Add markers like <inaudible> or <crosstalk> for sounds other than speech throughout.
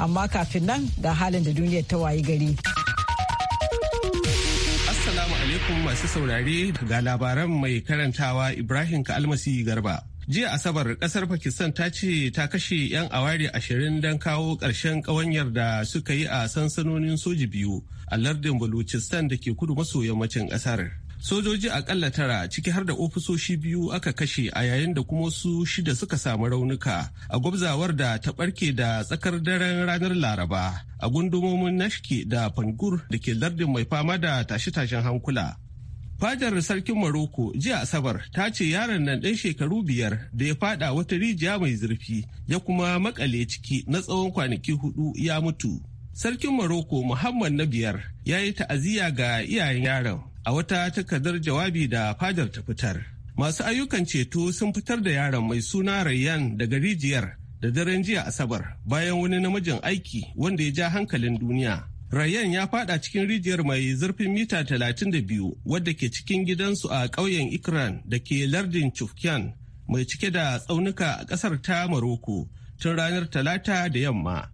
amma kafin nan ga halin da duniyar ta wayi gari. Assalamu alaikum masu saurare ga labaran mai karantawa Ibrahim Kalmasi Garba. Jiya Asabar kasar Pakistan ta ce ta kashe 'yan awari ashirin don kawo ƙarshen ƙawanyar da suka yi a sansanonin soji biyu a lardin Baluchistan da ke kudu maso yammacin ƙasar. sojoji akalla tara ciki har da ofisoshi biyu aka kashe a yayin da kuma su shida suka samu raunuka a gwabzawar da ta barke da tsakar daren ranar laraba a gundumomin nashki da fangur da ke lardin mai fama da tashe-tashen hankula fadar sarkin maroko jiya asabar ta ce yaron nan ɗan shekaru biyar da ya fada wata rijiya mai zurfi ya kuma makale ciki na tsawon kwanaki hudu ya mutu sarkin maroko muhammad na biyar ya yi ta'aziyya ga iyayen yaron a wata takardar jawabi da fadar ta fitar. Masu ayyukan ceto sun fitar da yaron mai suna Rayyan daga rijiyar da daren jiya Asabar bayan wani namijin aiki wanda ya ja hankalin duniya. Rayyan ya fada cikin rijiyar mai zurfin mita 32 wadda ke cikin gidansu a ƙauyen Ikran da ke lardin Chufkyan mai cike da tsaunuka a ƙasar ta Maroko tun ranar Talata da yamma.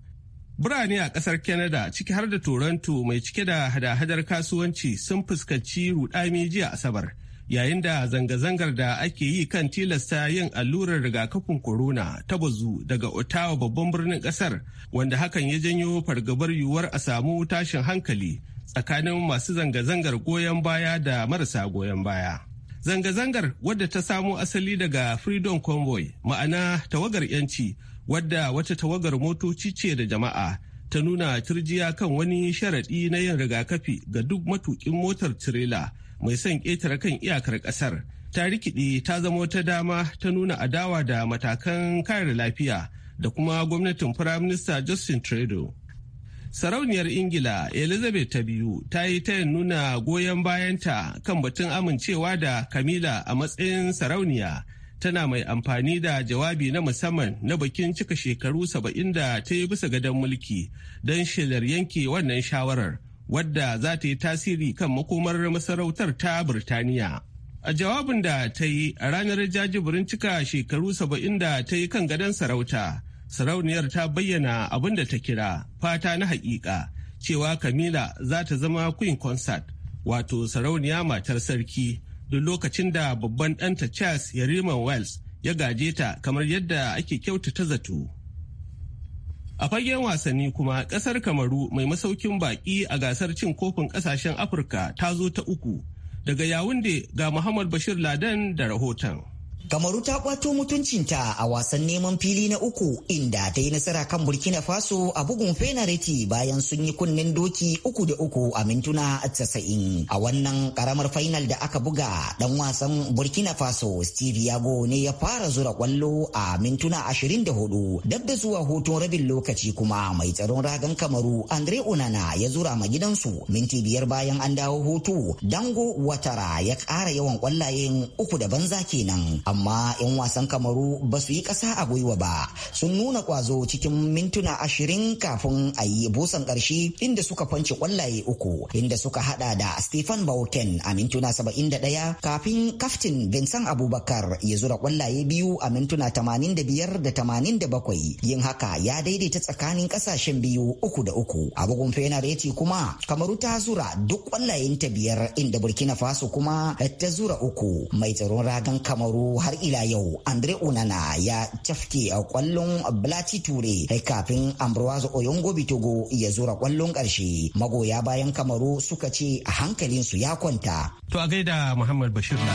Birane a ƙasar Canada ciki har da Toronto mai cike da hada-hadar kasuwanci sun fuskanci rudami jiya Asabar yayin da zanga-zangar da ake yi kan tilasta yin allurar rigakafin corona ta bazu daga Ottawa babban birnin ƙasar wanda hakan ya janyo fargabar yiwuwar a samu tashin hankali tsakanin masu zanga-zangar goyon baya da marasa goyon baya. Zanga-zangar wadda ta samo asali daga Freedom Convoy ma'ana tawagar 'yanci wadda wata tawagar motoci ce da jama'a ta nuna turjiya kan wani sharaɗi na yin rigakafi ga duk matukin motar tirela mai son ƙetare kan iyakar ƙasar ta rikiɗe ta zama wata dama ta nuna adawa da matakan kare lafiya da kuma gwamnatin firaminista justin trudeau sarauniyar ingila elizabeth ta biyu ta yi tayin nuna goyon bayanta kan batun amincewa da kamila a matsayin sarauniya tana mai amfani da jawabi na musamman na bakin cika shekaru saba'in da ta yi bisa gadon mulki don shelar yanke wannan shawarar wadda za ta yi tasiri kan makomar masarautar ta Birtaniya. A jawabin da ta yi a ranar jajibirin cika shekaru saba'in da ta yi kan gadon sarauta, sarauniyar ta bayyana abin da ta kira fata na haƙiƙa cewa Kamila za ta zama Queen Concert, wato sarauniya matar sarki. duk lokacin da babban ɗanta Charles Yarima Wells ya gaje ta kamar yadda ake kyautata zato. A fagen wasanni kuma ƙasar Kamaru mai masaukin baƙi a gasar cin kofin ƙasashen Afirka ta zo ta uku daga Yawunde ga Muhammad Bashir Ladan da rahoton. Kamaru ta kwato mutuncinta a wasan neman fili na uku inda ta yi nasara kan Burkina Faso a bugun fenareti bayan sun yi kunnen doki uku da uku a mintuna casa'in. A wannan karamar final da aka buga dan wasan Burkina Faso Steve Yago ne ya fara zura kwallo a mintuna ashirin da hudu. Dab da zuwa hoton rabin lokaci kuma mai tsaron ragan Kamaru Andre Onana ya zura ma gidansu minti biyar bayan an dawo hoto Dango Watara ya ƙara yawan kwallayen uku da banza kenan. amma 'yan wasan kamaru ba su yi ƙasa a gwiwa ba sun nuna kwazo cikin mintuna ashirin kafin a yi busan ƙarshe inda suka fanci kwallaye uku inda suka hada da stephen bauten a mintuna saba'in da ɗaya kafin kaftin vincent abubakar ya zura kwallaye biyu a mintuna tamanin da biyar da tamanin da bakwai yin haka ya daidaita tsakanin ƙasashen biyu uku da uku a bugun fenareti kuma kamaru ta zura duk kwallayen ta biyar inda burkina faso kuma ta zura uku mai tsaron ragan kamaru har ila yau andre onana ya cafke a kwallon blati ture kafin ambroise oyongo bitogo ya zura kwallon karshe magoya bayan kamaru suka ce hankalinsu ya kwanta to a gaida muhammad bashir na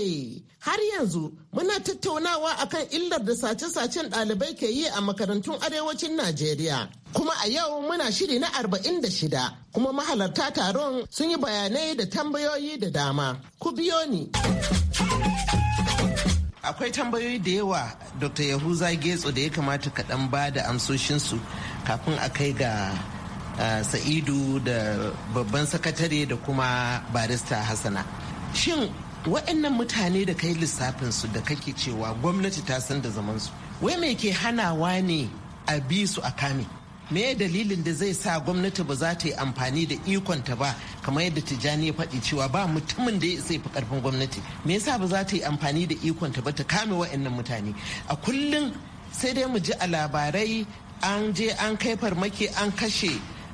ce har yanzu muna tattaunawa akan illar da sace-sacen ɗalibai ke yi a makarantun arewacin Najeriya. Kuma a yau muna shiri na arba'in da shida kuma mahalarta taron sun yi bayanai da tambayoyi da dama. Ku biyo ni. akwai tambayoyi da yawa dr yahuza getso da ya kamata kaɗan ba da amsoshinsu kafin a kai ga sa'idu da babban sakatare da kuma barista hassana shin waɗannan mutane da kai lissafin su da kake cewa gwamnati ta san da zaman su wai me ke hanawa ne a bi su a kame me dalilin da zai sa gwamnati ba za ta yi amfani da ikon ta ba kamar yadda tijjani ya faɗi cewa ba mutumin da ya isa fi karfin gwamnati me yasa ba za ta yi amfani da ikon ta ba ta kame waɗannan mutane a kullum sai dai mu ji a labarai an je an kai farmaki an kashe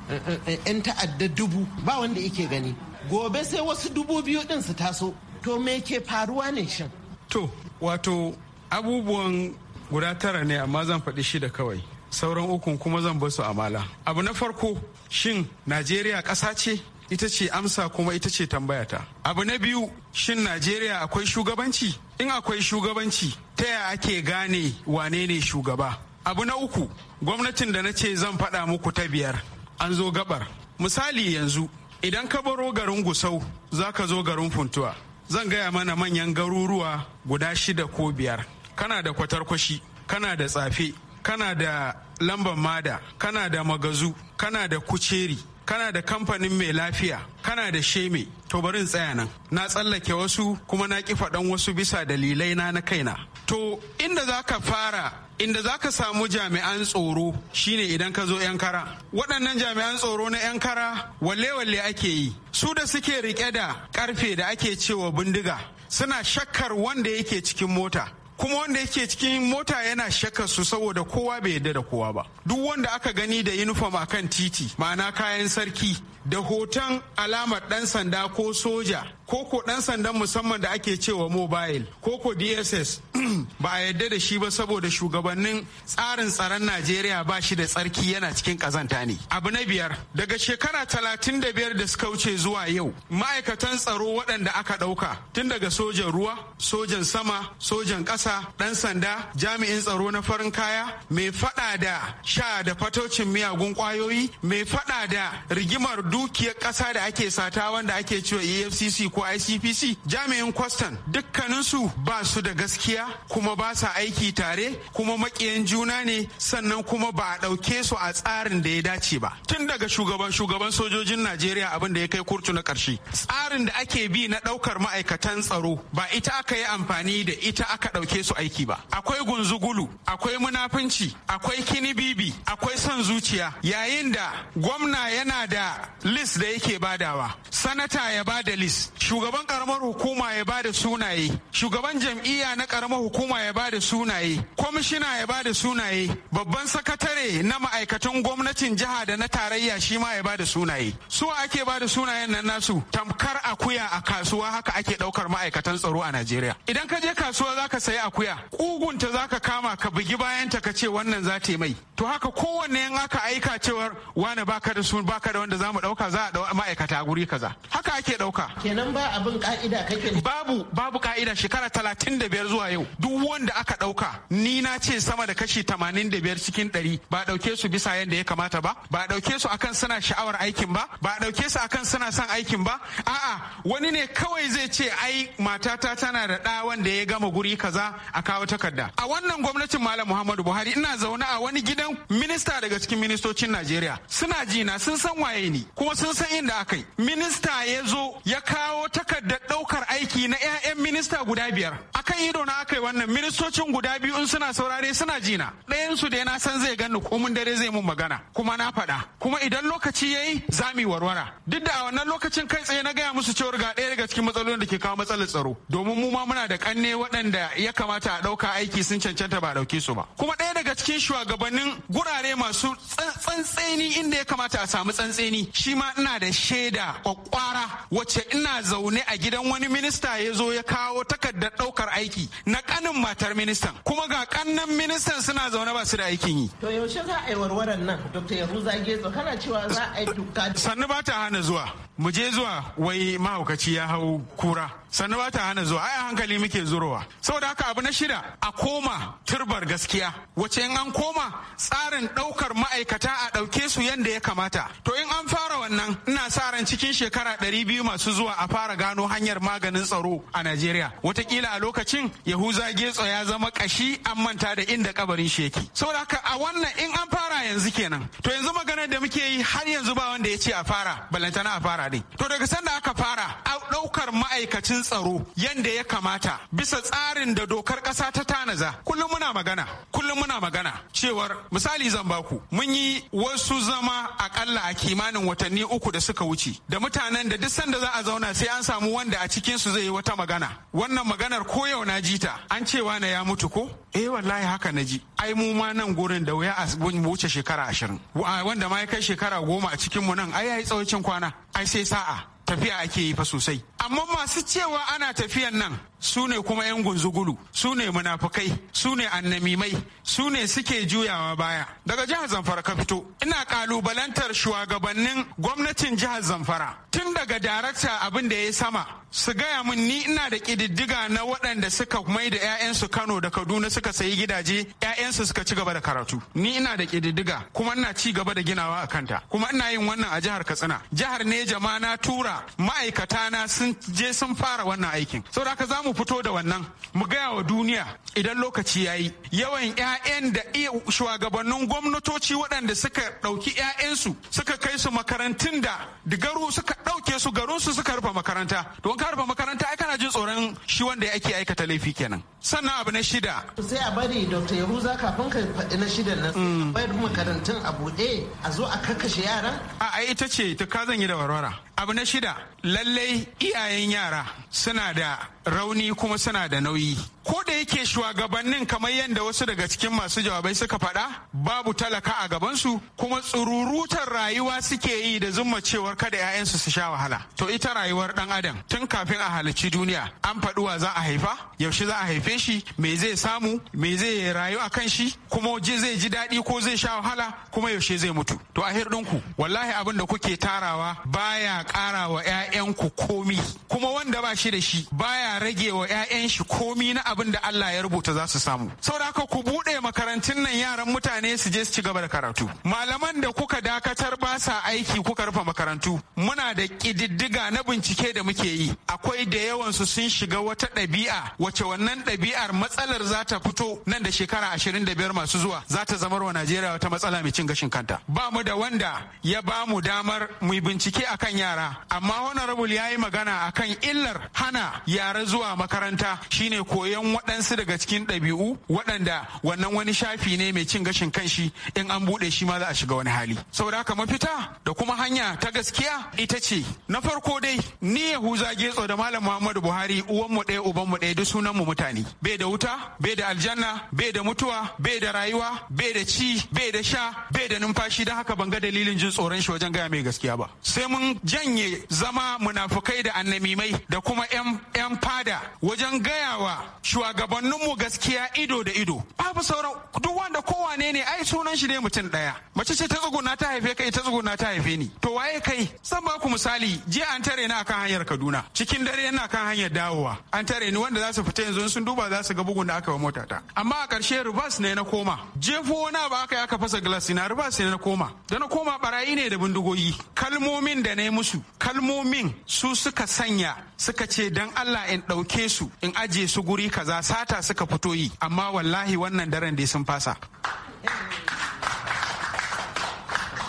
eh, eh, eh, 'yan ta'adda dubu ba wanda yake gani gobe sai wasu dubu biyu din su taso to me ke faruwa ne shin to wato abubuwan guda tara ne amma zan faɗi shida kawai sauran ukun kuma zan basu amala abu na farko shin najeriya ƙasa ce ita ce amsa kuma ita ce tambayata abu na biyu shin najeriya akwai shugabanci in akwai shugabanci ta ya ake gane wane ne shugaba abu na uku gwamnatin da na ce zan faɗa muku ta biyar an zo gabar misali yanzu idan ka baro garin gusau za ka zo garin funtuwa zan gaya mana manyan garuruwa guda shida ko biyar kana da kwatarkwashi kana da tsafe kana da lambar mada kana da magazu kana da kuceri kana da kamfanin mai lafiya kana da sheme to bari in tsaya nan na tsallake wasu kuma na ki faɗan wasu bisa dalilai na na kaina to inda za ka fara inda za ka samu jami'an tsoro shine idan ka zo 'yan kara waɗannan jami'an tsoro na 'yan kara walle-walle ake yi su da suke rike da karfe da ake cewa bindiga suna shakkar wanda yake cikin mota kuma wanda yake cikin mota yana shakar su saboda kowa bai yadda da kowa ba duk wanda aka gani da uniform akan titi ma'ana kayan sarki da hoton alamar dan sanda ko soja ko ko dan sandan musamman da ake cewa mobile ko ko dss <clears throat> ba a yadda da shi ba saboda shugabannin tsarin tsaron najeriya ba shi da tsarki yana cikin kazanta ne abu na biyar daga shekara talatin da biyar da suka wuce zuwa yau ma'aikatan tsaro waɗanda aka ɗauka tun daga sojan ruwa sojan sama sojan ƙasa ɗan sanda jami'in tsaro na farin kaya mai faɗa da sha da fatocin miyagun kwayoyi mai faɗa da rigimar dukiyar ƙasa da ake sata wanda ake cewa efcc ko ICPC jami'in kwastan dukkaninsu ba su da gaskiya kuma ba sa aiki tare kuma makiyan juna ne sannan kuma ba a ɗauke su a tsarin da ya dace ba tun daga shugaban shugaban sojojin Najeriya abin da ya kai kurtu na ƙarshe tsarin da ake bi na ɗaukar ma'aikatan tsaro ba ita aka yi amfani da ita aka ɗauke su aiki ba akwai gunzugulu akwai munafunci akwai kinibibi akwai son zuciya yayin da gwamna yana da list da yake badawa sanata ya bada list shugaban karamar hukuma ya bada sunaye shugaban jam'iyya na karamar hukuma ya bada sunaye kwamishina ya bada sunaye babban sakatare na ma'aikatan gwamnatin jiha da na tarayya shi ma ya bada sunaye su ake bada sunayen nan nasu tamkar akuya a kasuwa haka ake daukar ma'aikatan tsaro a najeriya idan ka je kasuwa zaka sayi akuya kugunta zaka kama ka bugi bayanta ka ce wannan za ta mai to haka kowanne in aka aika cewar wani baka da sun baka da wanda za mu dauka za a ma'aikata guri kaza haka ake dauka kenan ba abin ka'ida kake babu babu ka'ida shekara talatin da biyar zuwa yau duk wanda aka ɗauka ni na ce sama da kashi tamanin da biyar cikin ɗari ba ɗauke su bisa yadda ya kamata ba ba ɗauke su akan suna sha'awar aikin ba ba ɗauke su akan suna son aikin ba a'a wani ne kawai zai ce ai matata tana da ɗa wanda ya gama guri kaza a kawo takarda a wannan gwamnatin malam muhammadu buhari ina zaune a wani gidan minista daga cikin ministocin najeriya suna jina sun san waye ni kuma sun san inda aka yi minista ya zo ya kawo takardar ɗaukar aiki na 'ya'yan minista guda biyar a akan ido na aka yi wannan ministocin guda biyu in suna saurare suna jina ɗayan su da na san zai gani mun dare zai mun magana kuma na faɗa kuma idan lokaci yayi za mu warwara duk da a wannan lokacin kai tsaye na gaya musu cewar ga ɗaya daga cikin matsalolin da ke kawo matsalar tsaro domin mu ma muna da kanne waɗanda ya kamata a ɗauka aiki sun cancanta ba ɗauke su ba kuma ɗaya daga cikin shugabannin gurare masu tsantseni inda ya kamata a samu tsantseni shi ma ina da shaida kwakwara wacce ina zaune a gidan wani minista ya zo ya kawo takardar ɗaukar aiki na ƙanin matar ministan kuma ga ƙannan ministan suna zaune ba su da aikin yi. To yaushe za a yi warwaran nan Dr. Yahuza Gezo kana cewa za a yi duka. Sannu ba ta hana zuwa. mu je zuwa wai mahaukaci ya hau kura sannan ba ta hana zuwa ai hankali muke zurowa saboda haka abu na shida a koma turbar gaskiya wace in an koma tsarin daukar ma'aikata a ɗauke su yadda ya kamata to in an fara wannan ina sa ran cikin shekara ɗari biyu masu zuwa a fara gano hanyar maganin tsaro a najeriya watakila a lokacin yahuza getso ya zama kashi an manta da inda kabarin sheki saboda haka a wannan in an fara yanzu kenan to yanzu maganar da muke yi har yanzu ba wanda ya ce a fara balantana a fara to daga sanda aka fara a ɗaukar ma'aikacin tsaro yadda ya kamata bisa tsarin da dokar ƙasa ta tanaza kullum muna magana kullum muna magana cewar misali zan baku mun yi wasu zama akalla a kimanin watanni uku da suka wuce da mutanen da duk sanda za a zauna sai an samu wanda a cikin su zai yi wata magana wannan maganar ko yau na ji ta an cewa na ya mutu ko eh wallahi haka na ji ai mu ma nan gurin da wuya a wuce shekara ashirin wanda ma ya kai shekara goma a cikin mu nan ai ya yi tsawon kwana ai sai sa'a tafiya ake yi fa sosai amma masu cewa ana tafiyan nan su ne kuma 'yan gunzugulu su ne munafukai su ne annamimai su ne suke juyawa baya daga jihar zamfara ka fito ina kalubalantar shugabannin gwamnatin jihar zamfara tun daga darakta abin da ya sama su gaya min ni ina da ƙididdiga na waɗanda suka mai da 'ya'yansu kano da kaduna suka sayi gidaje 'ya'yansu suka ci gaba da karatu ni ina da ƙididdiga kuma ina ci gaba da ginawa a kanta kuma ina yin wannan a jihar katsina jihar ne jama na tura ma'aikata na sun je sun fara wannan aikin saboda haka mu fito da wannan mu gaya wa duniya idan lokaci ya yi yawan 'ya'yan da iya shugabannin gwamnatoci waɗanda suka ɗauki 'ya'yansu suka kai su makarantun da digaru suka ɗauke su garinsu suka rufe makaranta to ka rufe makaranta ai kana jin tsoron shi wanda yake aikata laifi kenan sannan abu na shida sai a bari dr yahuza kafin ka faɗi na shida nan bai mm. makarantun a buɗe a zo a kakkashe yaran a ita ce ta ka zan yi da warwara abu na shida lallai iyayen yara suna da rauni kuma suna da nauyi ko da yake shugabannin kamar yadda wasu daga cikin masu jawabai suka faɗa babu talaka a gabansu kuma tsururutar rayuwa suke yi da zuma cewar kada 'ya'yansu su sha wahala to ita rayuwar dan adam tun kafin a halicci duniya an faɗuwa za a haifa yaushe za a haife shi me zai samu me zai rayu a kan shi kuma zai ji daɗi ko zai sha wahala kuma yaushe zai mutu to a ku wallahi abin da kuke tarawa baya ƙara wa 'ya'yanku komi kuma wanda ba shi da shi baya rage wa 'ya'yan shi komi na abu abin da Allah ya rubuta za su samu Sauraka ku buɗe makarantun nan yaran mutane su je su ci gaba da karatu malaman da kuka dakatar ba sa aiki kuka rufe makarantu muna da ƙididdiga na bincike da muke yi akwai da yawan su sun shiga wata ɗabi'a wace wannan ɗabi'ar matsalar za ta fito nan da shekara ashirin da biyar masu zuwa za ta zamar wa Najeriya wata matsala mai cin gashin kanta ba mu da wanda ya ba mu damar mu yi bincike akan yara amma honorable ya yi magana akan illar hana yara zuwa makaranta shine koyon san waɗansu daga cikin ɗabi'u waɗanda wannan wani shafi ne mai cin gashin kanshi in an buɗe shi ma za a shiga wani hali saboda haka mafita da kuma hanya ta gaskiya ita ce na farko dai ni yahuza getso da malam muhammadu buhari uwanmu ɗaya ubanmu ɗaya duk sunanmu mutane bai da wuta bai da aljanna bai da mutuwa bai da rayuwa bai da ci bai da sha bai da numfashi don haka ban ga dalilin jin tsoron shi wajen gaya mai gaskiya ba sai mun janye zama munafukai da annamimai da kuma 'yan fada wajen gaya wa shugabanninmu gaskiya ido da ido babu sauran duk wanda kowane ne ai sunan shi ne mutum daya mace ce ta tsuguna ta haife kai ta tsuguna ta haife ni to waye kai zan ba ku misali jiya an tare ni akan hanyar Kaduna cikin dare yana kan hanyar dawowa an tare ni wanda za su fita yanzu sun duba za su ga bugun da aka wa motata amma a ƙarshe rubas ne na koma jefo wani ba aka yi aka fasa glass na rubas ne na koma da na koma barayi ne da bindigogi kalmomin da na yi musu kalmomin su suka sanya suka ce dan Allah in ɗauke su in aje su guri kaza sata suka fito yi amma wallahi wannan daren dai sun fasa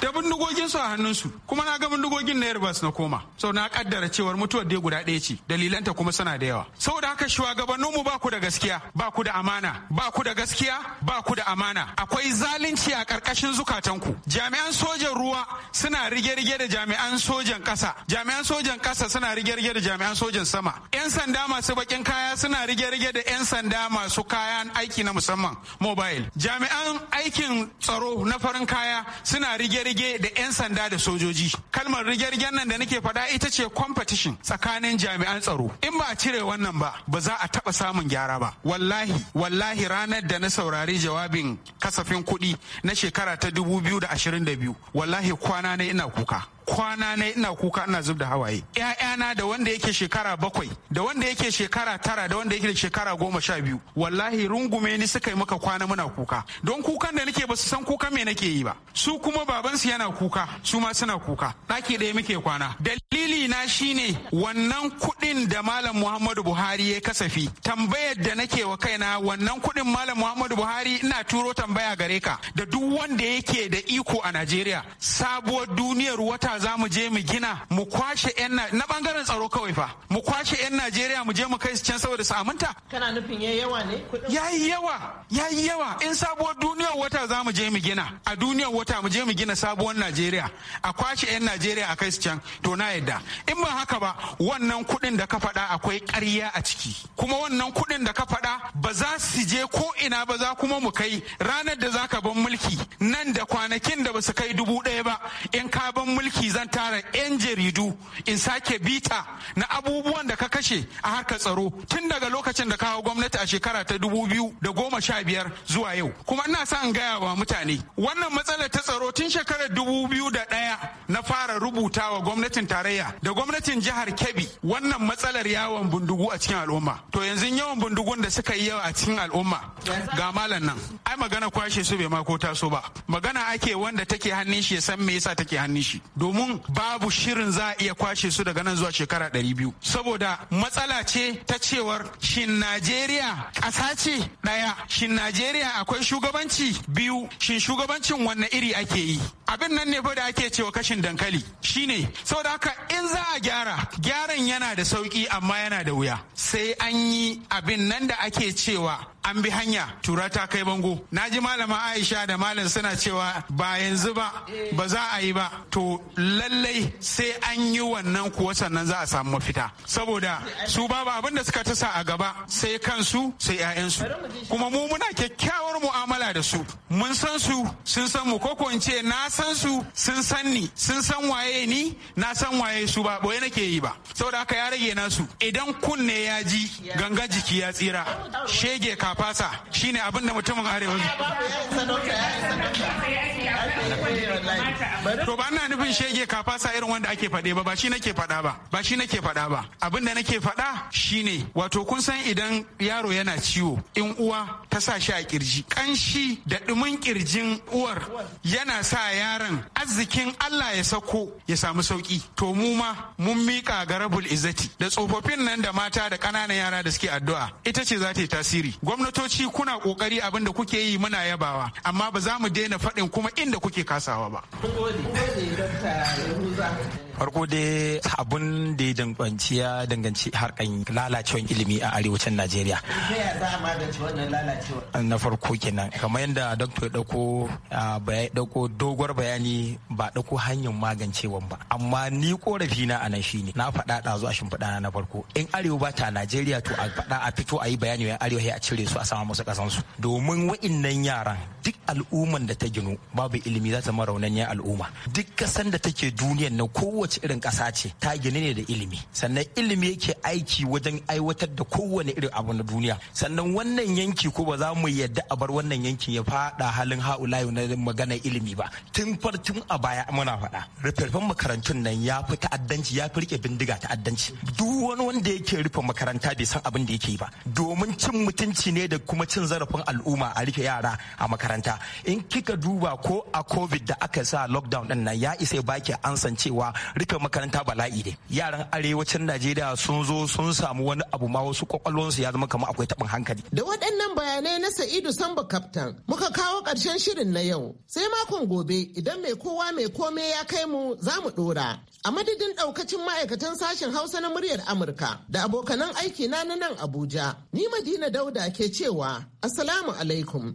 da bindigogin su a hannunsu kuma na ga bindigogin na Airbus na koma sau na kaddara cewar mutuwar dai guda ɗaya ce dalilanta kuma suna da yawa saboda haka shugabannin mu ba ku da gaskiya ba ku da amana ba ku da gaskiya ba ku da amana akwai zalunci a karkashin zukatanku jami'an sojan ruwa suna rige-rige da jami'an sojan kasa jami'an sojan kasa suna rige-rige da jami'an sojan sama 'yan sanda masu bakin kaya suna rige-rige da 'yan sanda masu kayan aiki na musamman mobile jami'an aikin tsaro na farin kaya suna rige rige da 'yan sanda da sojoji kalmar rige-rigen nan da nake faɗa ita ce competition tsakanin jami'an tsaro in ba a cire wannan ba ba za a taɓa samun gyara ba wallahi wallahi ranar da na saurari jawabin kasafin kuɗi na shekara ta 2022 wallahi kwana na ina kuka kwana na ina kuka ina zub da hawaye ƴaƴana da wanda yake shekara bakwai da wanda yake shekara tara da wanda yake shekara goma sha biyu wallahi rungume ni suka yi maka kwana muna kuka don kukan da nake ba su san kuka me nake yi ba su kuma babansu yana kuka su ma suna kuka ɗaki ɗaya muke kwana dalili na shine wannan kuɗin da malam muhammadu buhari ya kasafi tambayar da nake wa kaina wannan kuɗin malam muhammadu buhari ina turo tambaya gare ka da duk wanda yake da iko a najeriya sabuwar duniyar wata za mu je mu gina mu kwashe 'yan na bangaren tsaro kawai fa mu kwashe 'yan najeriya mu je mu kai su can saboda su aminta kana nufin yayi yawa ne yayi yawa yayi yawa in sabuwar duniyar wata za mu je mu gina a duniyar wata mu je mu gina sabuwar najeriya a kwashe 'yan najeriya a kai su can to na yadda in ba haka ba wannan kuɗin da ka faɗa akwai ƙarya a ciki kuma wannan kuɗin da ka faɗa ba za su je ko ina ba za kuma mu kai ranar da za ka ban mulki nan da kwanakin da ba su kai dubu ɗaya ba in ka ban mulki ni zan tara 'yan jaridu in sake bita na abubuwan da ka kashe a harkar tsaro tun daga lokacin da ka hau gwamnati a shekara ta dubu biyu da goma sha biyar zuwa yau kuma ina sa in gaya wa mutane wannan matsalar ta tsaro tun shekarar dubu biyu da ɗaya na fara rubuta wa gwamnatin tarayya da gwamnatin jihar kebbi wannan matsalar yawon bindigu a cikin al'umma to yanzu yawan bindigun da suka yi yawa a cikin al'umma ga malam nan ai magana kwashe su bai ma taso ba magana ake wanda take hannun shi ya san me yasa take hannun shi domin babu shirin za a iya kwashe su daga nan zuwa shekara ɗari biyu saboda matsala ce ta cewar shin najeriya ƙasa ce ɗaya shin najeriya akwai shugabanci biyu shin shugabancin wanne iri ake yi abin nan ne fa da ake cewa kashin dankali shine saboda haka in za a gyara gyaran yana da sauki amma yana da wuya sai an yi abin nan da ake cewa an bi hanya tura ta kai bango na ji malama aisha da malam suna cewa ba yanzu ba ba za a yi ba to lallai sai an yi wannan kuwa sannan za a samu mafita saboda su ba abin da suka ta sa a gaba sai kansu sai 'ya'yansu kuma mu muna kyakkyawar mu'amala da su mun san su sun san mu ko in ce na san su sun san ni sun san waye ni na san waye su ba boye nake yi ba saboda haka ya rage nasu idan kunne ya ji ganga jiki ya tsira shege ka kafasa shine abin da mutumin arewa to ba na nufin shege kafasa irin wanda ake fade ba ba shi nake faɗa ba ba shi nake fada ba abin da nake fada shine wato kun san idan yaro yana ciwo in uwa ta sa shi a kirji kanshi da dumin kirjin uwar yana sa yaron arzikin Allah ya sako ya samu sauki to mu ma mun miƙa ga rabul izzati da tsofaffin nan da mata da ƙananan yara da suke addu'a ita ce za ta yi tasiri gwamnatoci kuna kokari abin da kuke yi muna yabawa amma ba za mu daina faɗin kuma inda kuke kasawa ba. farko dai abun da ya danganci ya danganci harkan lalacewan ilimi a arewacin najeriya na farko kenan kamar yadda Dr. ya dauko dauko bayani ba dauko hanyar magancewan ba amma ni korafi na anan shine na faɗa ɗazu a shimfiɗa na farko in arewa ba ta najeriya to a faɗa a fito a yi bayani wa arewa a cire su a sama musu ƙasansu domin wa'innan yaran duk al'ummar da ta ginu babu ilimi za ta zama raunaniyar al'umma duk kasan da take duniyar na kowace irin kasa ce ta gini ne da ilimi sannan ilimi yake aiki wajen aiwatar da kowane irin abu na duniya sannan wannan yanki ko ba za mu yadda a bar wannan yankin ya fada halin ha'ulayu na magana ilimi ba tun fartun a baya muna faɗa rufe makarantun nan ya fi ta'addanci ya fi rike bindiga ta'addanci duk wani wanda yake rufe makaranta bai san abin da yake yi ba domin cin mutunci ne da kuma cin zarafin al'umma a rufe yara a makaranta makaranta in kika duba ko a covid da aka sa lockdown din nan ya isa baki ansan cewa rufe makaranta bala'i ne yaran arewacin najeriya sun zo sun samu wani abu ma wasu kwakwalwansu ya zama kamar akwai taɓin hankali da waɗannan bayanai na sa'idu samba kaftan muka kawo ƙarshen shirin na yau sai makon gobe idan mai kowa mai komai ya kai mu za mu ɗora a madadin ɗaukacin ma'aikatan sashen hausa na muryar amurka da abokanan aiki na na nan abuja ni madina dauda ke cewa assalamu alaikum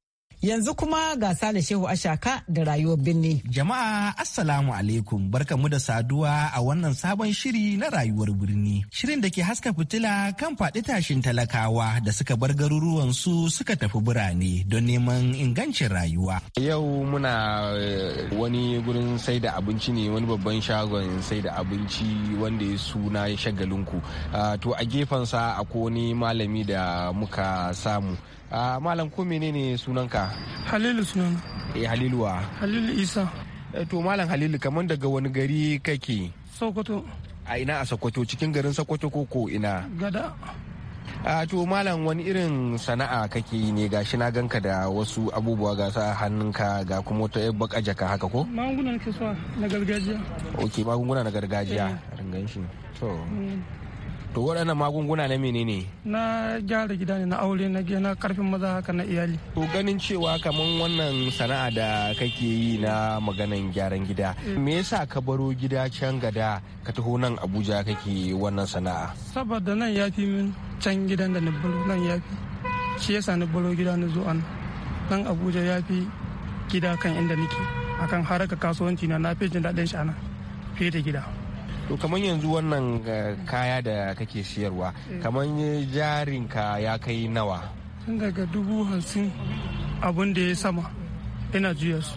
Yanzu kuma ga Sale Shehu Ashaka da rayuwar binni. Jama'a Assalamu alaikum barkamu da saduwa a wannan sabon shiri na rayuwar birni. Shirin da ke haska fitila kan faɗi tashin talakawa da suka bar garuruwan su suka tafi birane don neman ingancin rayuwa. Yau muna eh, wani gurin sai da abinci ne wani babban shagon sai da abinci wanda ya suna shagalinku. Ah, to a gefensa akwai wani malami da muka samu. malam ko menene sunanka halilu sunan eh haliluwa. halilu isa eh, to malam halilu kaman daga wani gari kake sokoto a ina a sokoto cikin garin sokoto ko ko ina gada a to malam wani irin sana'a kake yi ne gashi na ganka da wasu abubuwa ga sa hannunka ga kuma wata yan baka jaka haka ko magunguna ke so na gargajiya ok magunguna na gargajiya ringan eh. shi to mm. to waɗannan magunguna na menene na gyara gida ne na aure na gina karfin maza haka na iyali to ganin cewa kaman wannan sana'a da kake yi na maganan gyaran gida eh. me yasa ka baro gida can gada ka taho nan abuja kake wannan sana'a saboda nan ya fi min can gidan da na baro nan ya fi shi yasa na baro gida na zo an nan abuja ya fi gida kan inda nake akan haraka kasuwanci na na fi jin daɗin shana fiye da gida to kamar yanzu wannan eh, kaya da kake siyarwa eh. kamar jarinka ya kai nawa tun daga dubu hamsin abin da ya sama ina juya su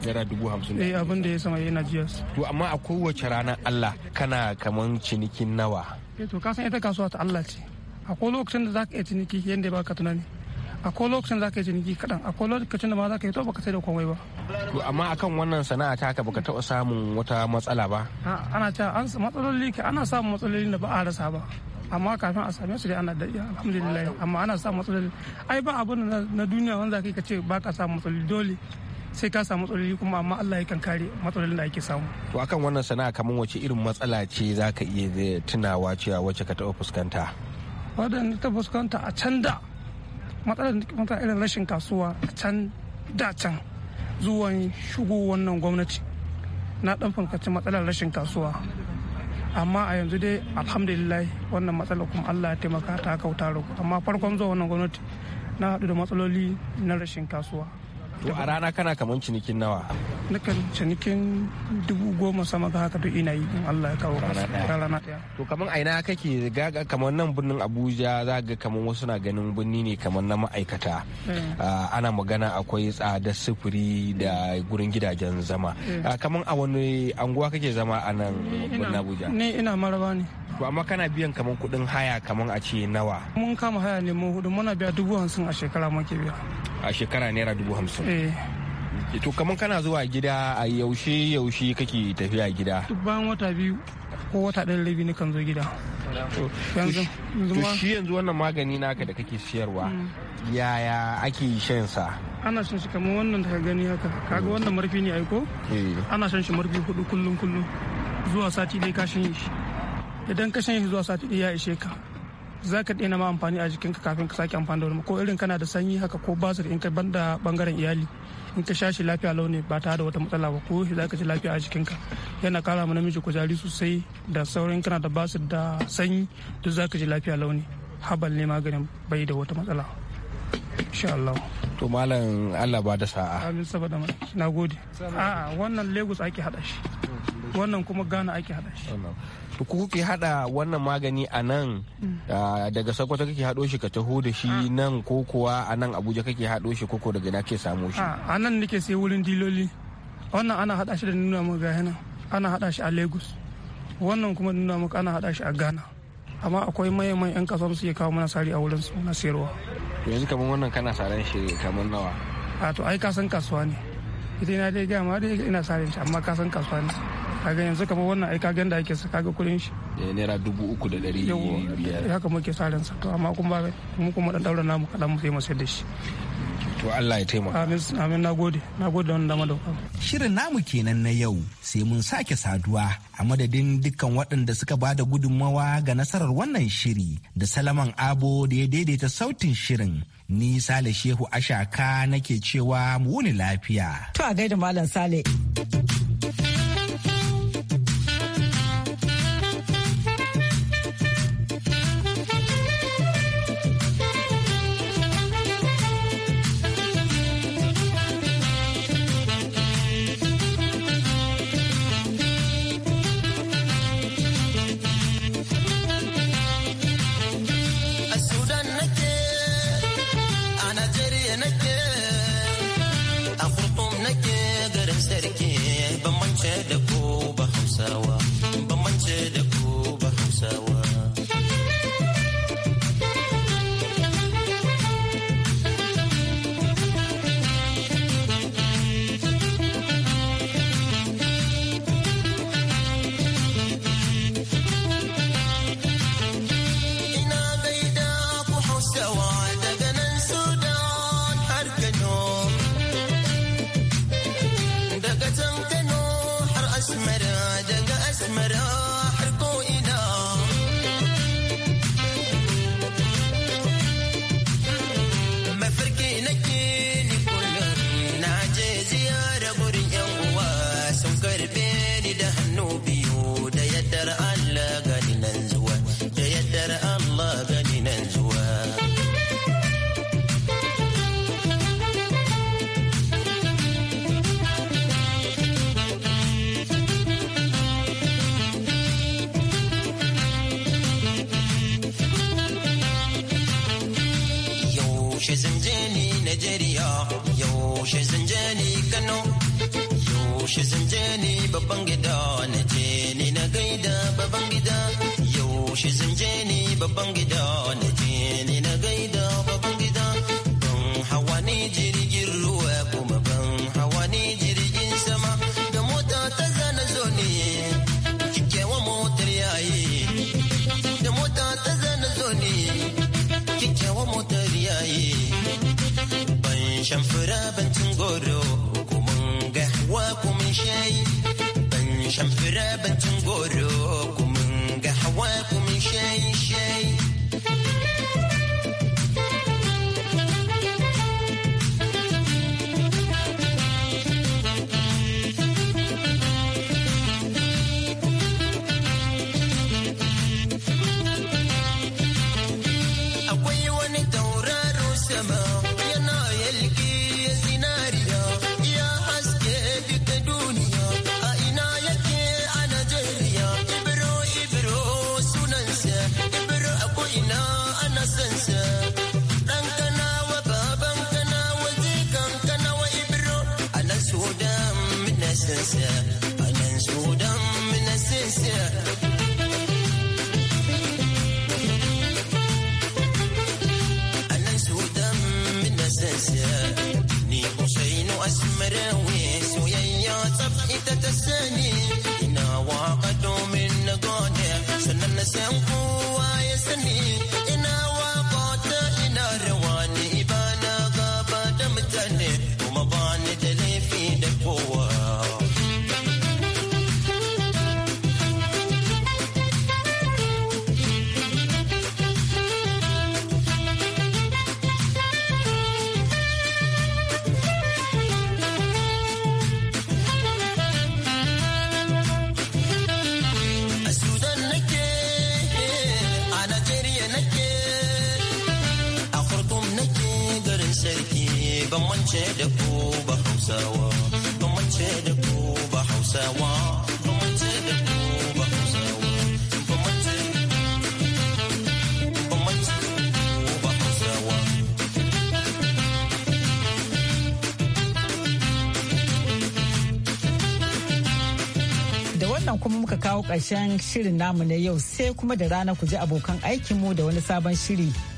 jara dubu hamsin eh abin da ya sama juya jiya to amma a kowace ranar Allah kana kaman cinikin nawa eh to kasan ita kasuwa ta Allah ce akwai lokacin da za ka iya ciniki yadda ba ka tunani akwai lokacin za ka yi ciniki kaɗan akwai lokacin da ma za ka yi to baka sai da komai ba. to amma akan wannan sana'a ta ka baka taɓa samun wata matsala ba. ana ta an matsaloli ana samun matsaloli da ba a rasa ba amma kafin a same su dai ana da alhamdulillah amma ana samun matsaloli ai ba abin na duniya wanda kai ka ce ba ka samun matsaloli dole sai ka samu matsaloli kuma amma Allah ya kankare matsalolin da ake samu. To akan wannan sana'a kamar wace irin matsala ce za ka iya eh, tunawa cewa wacce ka taɓa fuskanta? Wadannan ta fuskanta a can da matsalar da irin rashin kasuwa a can da can zuwan shigo wannan gwamnati na dan fankaci matsalar rashin kasuwa amma a yanzu dai alhamdulillah wannan matsalar kuma allah ya taimaka ta kauta roƙo amma farkon zuwa wannan gwamnati na haɗu da matsaloli na rashin kasuwa to a rana kana kaman cinikin nawa nakan cinikin dubu goma sama ga haka duk ina yi in Allah ya kawo rana To kamar aina kake ga kamar nan birnin Abuja za ga kaman wasu na ganin birni ne kamar na ma'aikata. Eh. Ah, ana magana akwai tsada sufuri da gurin gidajen zama. Eh. Ah, kamar a wani anguwa kake zama a nan birnin Abuja? Ni ina maraba ne. To amma kana biyan kaman kuɗin haya kamar a ce nawa? Mun kama haya ne mu hudu muna biya dubu hamsin a shekara muke biya. A shekara naira dubu hamsin? Eh. to kaman kana zuwa gida a yaushe yaushe kake tafiya gida bayan wata biyu ko wata ɗan rabi na kan zo gida to shi yanzu wannan magani naka da kake siyarwa mm. yaya ake shan sa ana shan shi kamar wannan da ka gani haka kaga wannan marfi ne aiko eh. ana shan shi marfi hudu kullum kullum zuwa sati dai ka shan shi idan ka shan shi zuwa sati dai ya ishe ka za ka daina ma amfani a jikinka kafin ka sake amfani da wani ko irin kana da sanyi haka ko da in ka banda bangaren iyali in ka shashi lafiya launi ba tare da wata matsala ba ko za ka ji lafiya a jikinka yana kara ma namiji kujari sosai da sauran kana da su da sanyi duk za ka ji lafiya launi habal ne maganin bai da wata matsala insha Allah to malam Allah ba da sa'a amin saboda nagode a'a wannan Lagos ake hada shi wannan kuma gana ake hada shi ku kuke hada wannan magani a nan mm. ah, daga sokoto kake hado shi ka taho da shi ah. nan ko kuwa a nan abuja kake hado shi koko daga na ke samu shi ah, a nan nake sai wurin diloli wannan ana hada shi da nuna mu ga yana ana hada shi a lagos wannan kuma nuna mu ana hada shi a ghana amma akwai mayan yan kasar su ke kawo mana sari a wurin su na sayarwa yanzu kamar wannan kana saran shi kamar nawa a to ai ka san kasuwa ne ita na dai ma dai ina saran shi amma ka san kasuwa ne kaga yanzu kamar wannan ai kaga da ake saka ga kudin shi eh, naira dubu uku da ɗari biyar haka muke sa ran sa to amma kuma mu kuma dan daura namu kadan mu sai mu sayar da shi to Allah ya taimaka amin amin nagode nagode da wannan dama da shirin namu kenan na yau sai mun sake saduwa a madadin dukkan waɗanda suka ba da gudunmawa ga nasarar wannan shiri da salaman abo da ya daidaita sautin shirin ni sale shehu ashaka nake cewa mu wuni lafiya to a gaida malam sale asmara daga asmara the gida this, yeah. ban mance da ku ba hausawa ba mance da ku ba hausawa da wannan kuma muka kawo ƙarshen shirin namu na yau sai kuma da rana ku ji abokan aikinmu da wani sabon shiri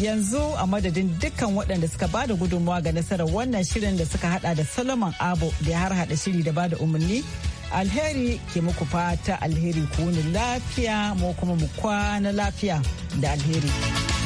yanzu a madadin dukkan waɗanda suka ba da gudunmawa ga nasarar wannan shirin da suka hada da solomon abu da ya har hada shiri da ba da umarni alheri ke muku fata alheri ku lafiya mu kuma mu kwana lafiya da alheri.